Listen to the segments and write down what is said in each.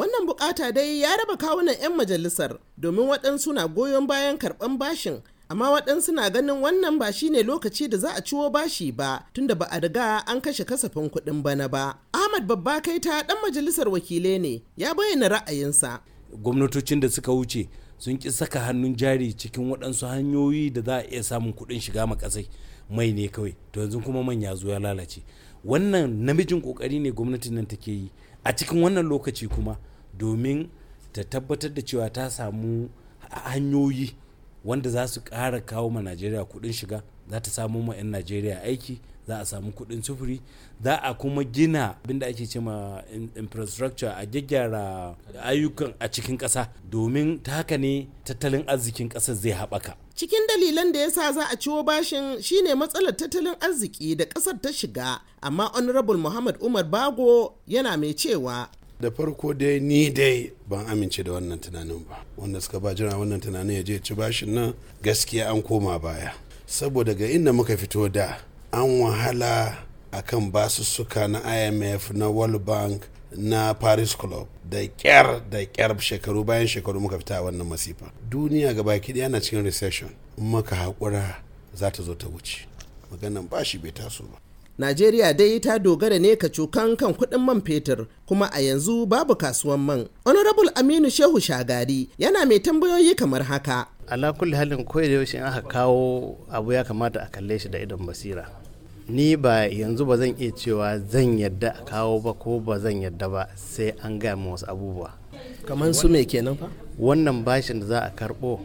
Wannan bukata dai ya raba kawunan 'yan majalisar domin waɗansu na goyon bayan karɓan bashin amma waɗansu na ganin wannan ba shine lokaci da za a ciwo bashi ba tunda ba a riga an kashe kasafin kuɗin bana ba. Ahmad Babba Kaita ɗan majalisar wakilai ne ya bayyana ra'ayinsa. Gwamnatocin da suka wuce sun ki saka hannun jari cikin waɗansu hanyoyi da za a iya samun kuɗin shiga makasai mai ne kawai to yanzu kuma manya zo ya lalace wannan namijin kokari ne gwamnatin nan take yi a cikin wannan lokaci kuma domin ta tabbatar da cewa ta samu hanyoyi wanda za su kara kawo ma najeriya kuɗin shiga za ta samu ma 'yan najeriya aiki za a samu kuɗin sufuri za a kuma gina abinda ake ce ma infrastructure a gyaggyara ayyukan a cikin ƙasa domin ta haka ne tattalin arzikin ƙasar zai haɓaka cikin dalilan da yasa za a ciwo bashin shine matsalar tattalin arziki da ƙasar ta shiga amma honorable muhammad umar bago yana mai cewa da farko dai ni dai ban amince da wannan tunanin ba wanda suka ba jira wannan tunanin ya je ci bashin nan gaskiya an koma baya saboda ga inda muka fito da an wahala akan basussuka na imf na world bank na paris club da kyar da kyar shekaru bayan shekaru muka fita wannan masifa duniya gaba daya na cikin recession maka hakura za ta zo ta wuce maganan bashi bai taso ba Najeriya dai ta dogara ne ka cokan kan kuɗin man fetur kuma a yanzu babu kasuwan man. Honorable Aminu Shehu Shagari yana mai tambayoyi kamar haka. Ala kulli halin ko da yaushe aka kawo abu ya kamata a kalle shi da idan basira. Ni ba yanzu ba zan iya cewa zan yadda a kawo ba ko ba zan yadda ba sai an gaya wasu abubuwa. Kamar su me kenan fa? Wannan bashin da za a karɓo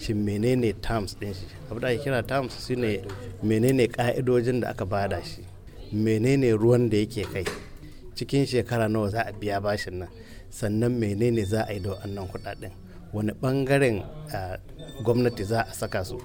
Shin menene terms din shi abu da ake kira terms shine menene ka'idojin da aka bada shi menene ruwan da yake kai cikin shekara nawa za a biya bashin nan sannan menene za a yi da wannan kudaden wani bangaren gwamnati za a saka su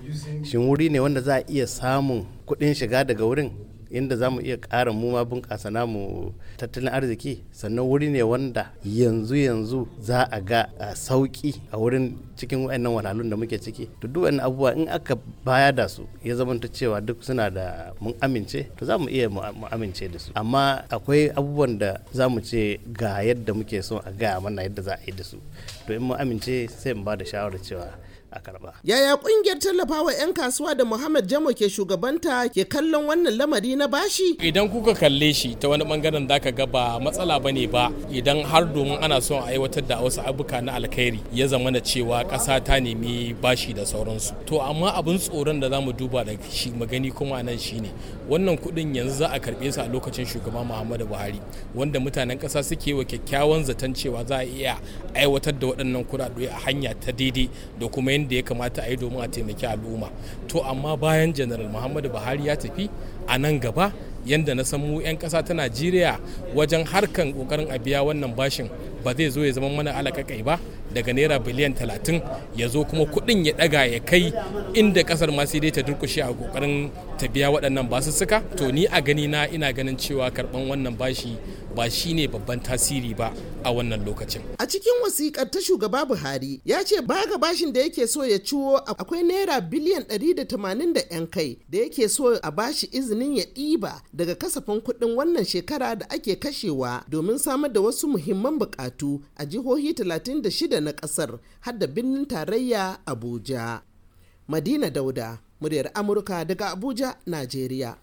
shin wuri ne wanda za a iya samun kudin shiga daga wurin inda za mu iya ƙara mu ma bunƙasa namu tattalin arziki sannan wuri ne wanda yanzu yanzu za a ga sauƙi a wurin cikin wa'annan wahalhalun da muke ciki to duk wannan abubuwa in aka baya da su ya zamanta cewa duk suna da mun amince to za mu iya mu amince da su amma akwai abubuwan da za mu ce ga yadda muke so a gaya mana yadda za a yi da su to in mun amince sai mu ba da shawarar cewa a karba. Yaya kungiyar tallafawa 'yan kasuwa da Muhammad Jamo ke shugabanta ke kallon wannan lamari na bashi? Idan kuka kalle shi ta wani bangaren za ka ga ba matsala bane ba idan har domin ana son a aiwatar da wasu abuka na alkhairi ya zama na cewa kasa ta nemi bashi da sauransu. To amma abin tsoron da za mu duba da shi magani kuma nan shine wannan kuɗin yanzu za a karɓe su a lokacin shugaban Muhammadu Buhari wanda mutanen kasa suke wa kyakkyawan zaton cewa za a iya aiwatar da waɗannan kuɗaɗe a hanya ta daidai da kuma yadda abin da ya kamata a yi domin a taimaki al'umma to amma bayan janaral muhammadu buhari ya tafi a nan gaba yadda na san mu 'yan ƙasa ta najeriya wajen harkan kokarin a biya wannan bashin ba zai zo ya zama mana alakakai ba daga naira biliyan talatin ya zo kuma kuɗin ya ɗaga ya kai inda ƙasar ma sai dai ta durkushe a kokarin ta biya waɗannan basussuka to ni a gani na ina ganin cewa karɓan wannan bashi ba shine babban tasiri ba a wannan lokacin a cikin wasikar ta shugaba buhari ya ce ba ga bashin da yake so ya ciwo akwai naira biliyan 180 da 'yan kai da yake so a bashi izinin ya ɗiba daga kasafin kuɗin wannan shekara da ake kashewa domin samar da wasu muhimman buƙatu a jihohi 36 na ƙasar har da birnin tarayya abuja madina dauda muryar amurka daga abuja najeriya